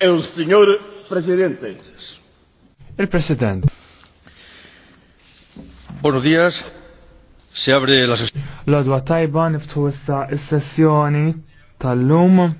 El signor Presidente. El President. Buenos días. Se abre la sesión. L-odwa tajba niftu issa is-sessjoni tal-lum.